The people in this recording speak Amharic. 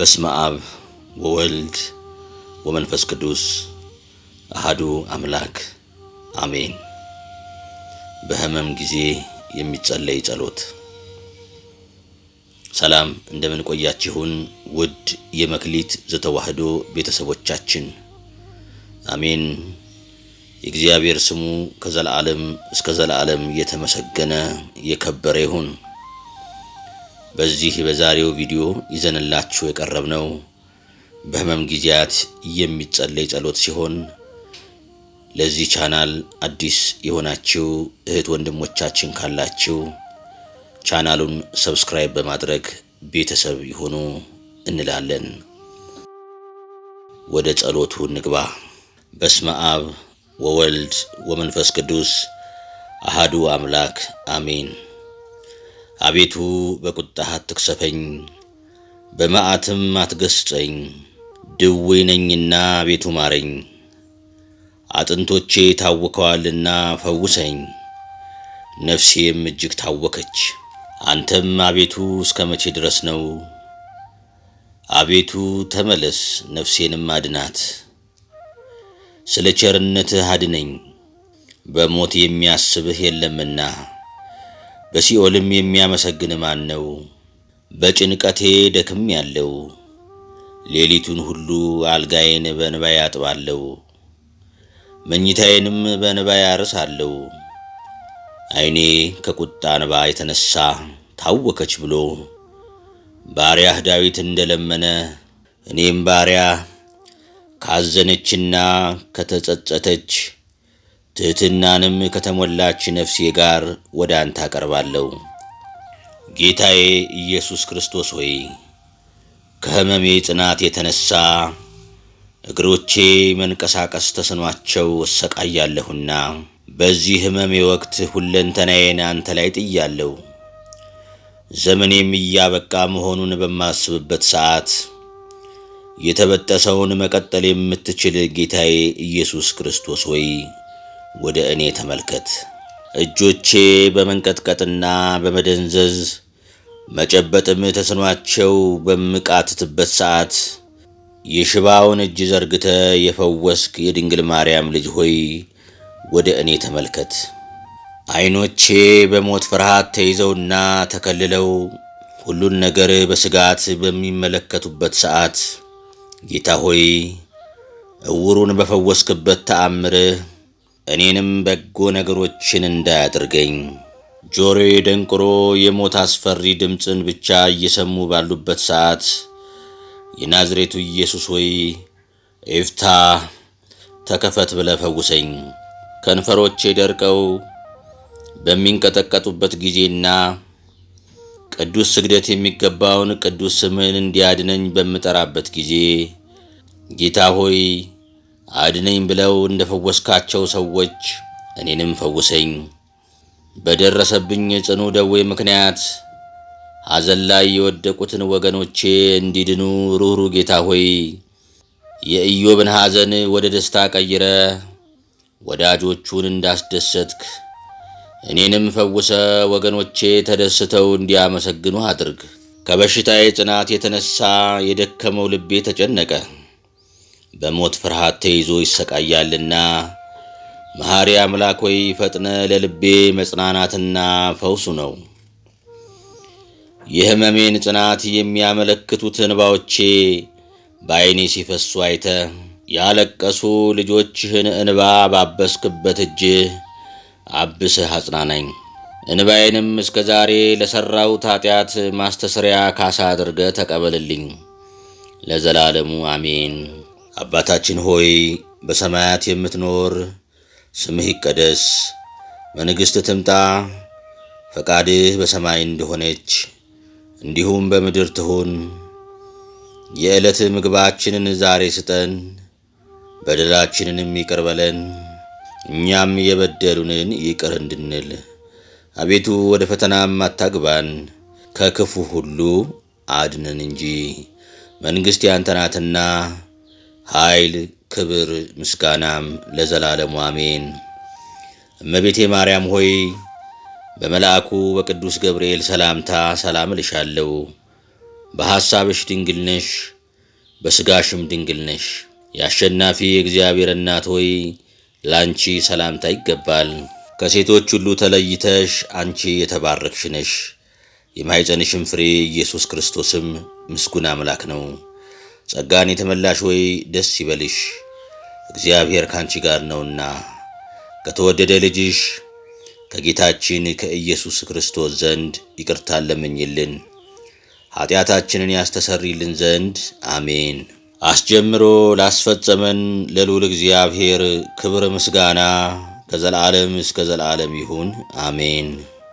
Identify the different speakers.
Speaker 1: በስመ አብ ወወልድ ወመንፈስ ቅዱስ አህዱ አምላክ አሜን። በህመም ጊዜ የሚጸለይ ጸሎት። ሰላም እንደምን ቆያችሁን? ውድ የመክሊት ዘተዋህዶ ቤተሰቦቻችን አሜን። የእግዚአብሔር ስሙ ከዘላለም እስከ ዘላለም የተመሰገነ የከበረ ይሁን። በዚህ በዛሬው ቪዲዮ ይዘንላችሁ የቀረብነው በህመም ጊዜያት የሚጸለይ ጸሎት ሲሆን ለዚህ ቻናል አዲስ የሆናችሁ እህት ወንድሞቻችን ካላችሁ ቻናሉን ሰብስክራይብ በማድረግ ቤተሰብ ይሆኑ እንላለን። ወደ ጸሎቱ እንግባ። በስመ አብ ወወልድ ወመንፈስ ቅዱስ አሃዱ አምላክ አሜን። አቤቱ በቁጣህ አትቅሰፈኝ፣ በመዓትም አትገስጸኝ። ድዌ ነኝና አቤቱ ማረኝ። አጥንቶቼ ታውከዋልና ፈውሰኝ፣ ነፍሴም እጅግ ታወከች። አንተም አቤቱ እስከ መቼ ድረስ ነው? አቤቱ ተመለስ፣ ነፍሴንም አድናት። ስለ ቸርነትህ አድነኝ፣ በሞት የሚያስብህ የለምና። በሲኦልም የሚያመሰግን ማን ነው? በጭንቀቴ ደክም ያለው ሌሊቱን ሁሉ አልጋዬን በንባይ አጥባለሁ፣ መኝታዬንም በንባይ አርሳለሁ። አይኔ ከቁጣ ንባ የተነሳ ታወከች ብሎ ባሪያህ ዳዊት እንደለመነ እኔም ባሪያ ካዘነችና ከተጸጸተች ትሕትናንም ከተሞላች ነፍሴ ጋር ወደ አንተ አቀርባለሁ። ጌታዬ ኢየሱስ ክርስቶስ ሆይ ከሕመሜ ጽናት የተነሣ እግሮቼ መንቀሳቀስ ተስኗቸው እሰቃያለሁና በዚህ ሕመሜ ወቅት ሁለንተናዬን አንተ ላይ ጥያለሁ። ዘመኔም እያበቃ መሆኑን በማስብበት ሰዓት የተበጠሰውን መቀጠል የምትችል ጌታዬ ኢየሱስ ክርስቶስ ሆይ ወደ እኔ ተመልከት። እጆቼ በመንቀጥቀጥና በመደንዘዝ መጨበጥም ተስኗቸው በምቃትትበት ሰዓት የሽባውን እጅ ዘርግተ የፈወስክ የድንግል ማርያም ልጅ ሆይ ወደ እኔ ተመልከት። ዐይኖቼ በሞት ፍርሃት ተይዘውና ተከልለው ሁሉን ነገር በስጋት በሚመለከቱበት ሰዓት ጌታ ሆይ እውሩን በፈወስክበት ተአምርህ እኔንም በጎ ነገሮችን እንዳያደርገኝ ጆሮዬ ደንቅሮ የሞት አስፈሪ ድምፅን ብቻ እየሰሙ ባሉበት ሰዓት የናዝሬቱ ኢየሱስ ሆይ ኤፍታ ተከፈት ብለ ፈውሰኝ። ከንፈሮቼ ደርቀው በሚንቀጠቀጡበት ጊዜና ቅዱስ ስግደት የሚገባውን ቅዱስ ስምን እንዲያድነኝ በምጠራበት ጊዜ ጌታ ሆይ አድነኝ ብለው እንደፈወስካቸው ሰዎች እኔንም ፈውሰኝ። በደረሰብኝ ጽኑ ደዌ ምክንያት ሐዘን ላይ የወደቁትን ወገኖቼ እንዲድኑ ሩኅሩ ጌታ ሆይ የኢዮብን ሐዘን ወደ ደስታ ቀይረ ወዳጆቹን እንዳስደሰትክ እኔንም ፈውሰ ወገኖቼ ተደስተው እንዲያመሰግኑ አድርግ። ከበሽታዬ ጽናት የተነሳ የደከመው ልቤ ተጨነቀ። በሞት ፍርሃት ተይዞ ይሰቃያልና መሐሪ አምላክ ሆይ ፈጥነ ለልቤ መጽናናትና ፈውሱ ነው። የሕመሜን ጽናት የሚያመለክቱት እንባዎቼ በዐይኔ ሲፈሱ አይተ ያለቀሱ ልጆችህን እንባ ባበስክበት እጅህ አብስህ አጽናናኝ። እንባዬንም እስከ ዛሬ ለሠራሁት ኃጢአት ማስተስሪያ ካሳ አድርገ ተቀበልልኝ። ለዘላለሙ አሜን። አባታችን ሆይ በሰማያት የምትኖር ስምህ ይቀደስ፣ መንግሥት ትምጣ፣ ፈቃድህ በሰማይ እንደሆነች እንዲሁም በምድር ትሁን። የዕለት ምግባችንን ዛሬ ስጠን፣ በደላችንንም ይቅር በለን እኛም የበደሉንን ይቅር እንድንል። አቤቱ ወደ ፈተናም አታግባን፣ ከክፉ ሁሉ አድነን እንጂ መንግሥት ያንተ ናትና ኃይል፣ ክብር፣ ምስጋናም ለዘላለሙ አሜን። እመቤቴ ማርያም ሆይ በመልአኩ በቅዱስ ገብርኤል ሰላምታ ሰላም እልሻለሁ። በሐሳብሽ ድንግል ነሽ፣ በሥጋሽም ድንግል ነሽ። የአሸናፊ እግዚአብሔር እናት ሆይ ለአንቺ ሰላምታ ይገባል። ከሴቶች ሁሉ ተለይተሽ አንቺ የተባረክሽ ነሽ። የማኅፀንሽም ፍሬ ኢየሱስ ክርስቶስም ምስጉን አምላክ ነው። ጸጋን የተመላሽ ወይ ደስ ይበልሽ፣ እግዚአብሔር ካንቺ ጋር ነውና ከተወደደ ልጅሽ ከጌታችን ከኢየሱስ ክርስቶስ ዘንድ ይቅርታን ለምኝልን ኃጢአታችንን ያስተሰሪልን ዘንድ አሜን። አስጀምሮ ላስፈጸመን ለልዑል እግዚአብሔር ክብር ምስጋና ከዘላለም እስከ ዘላለም ይሁን፣ አሜን።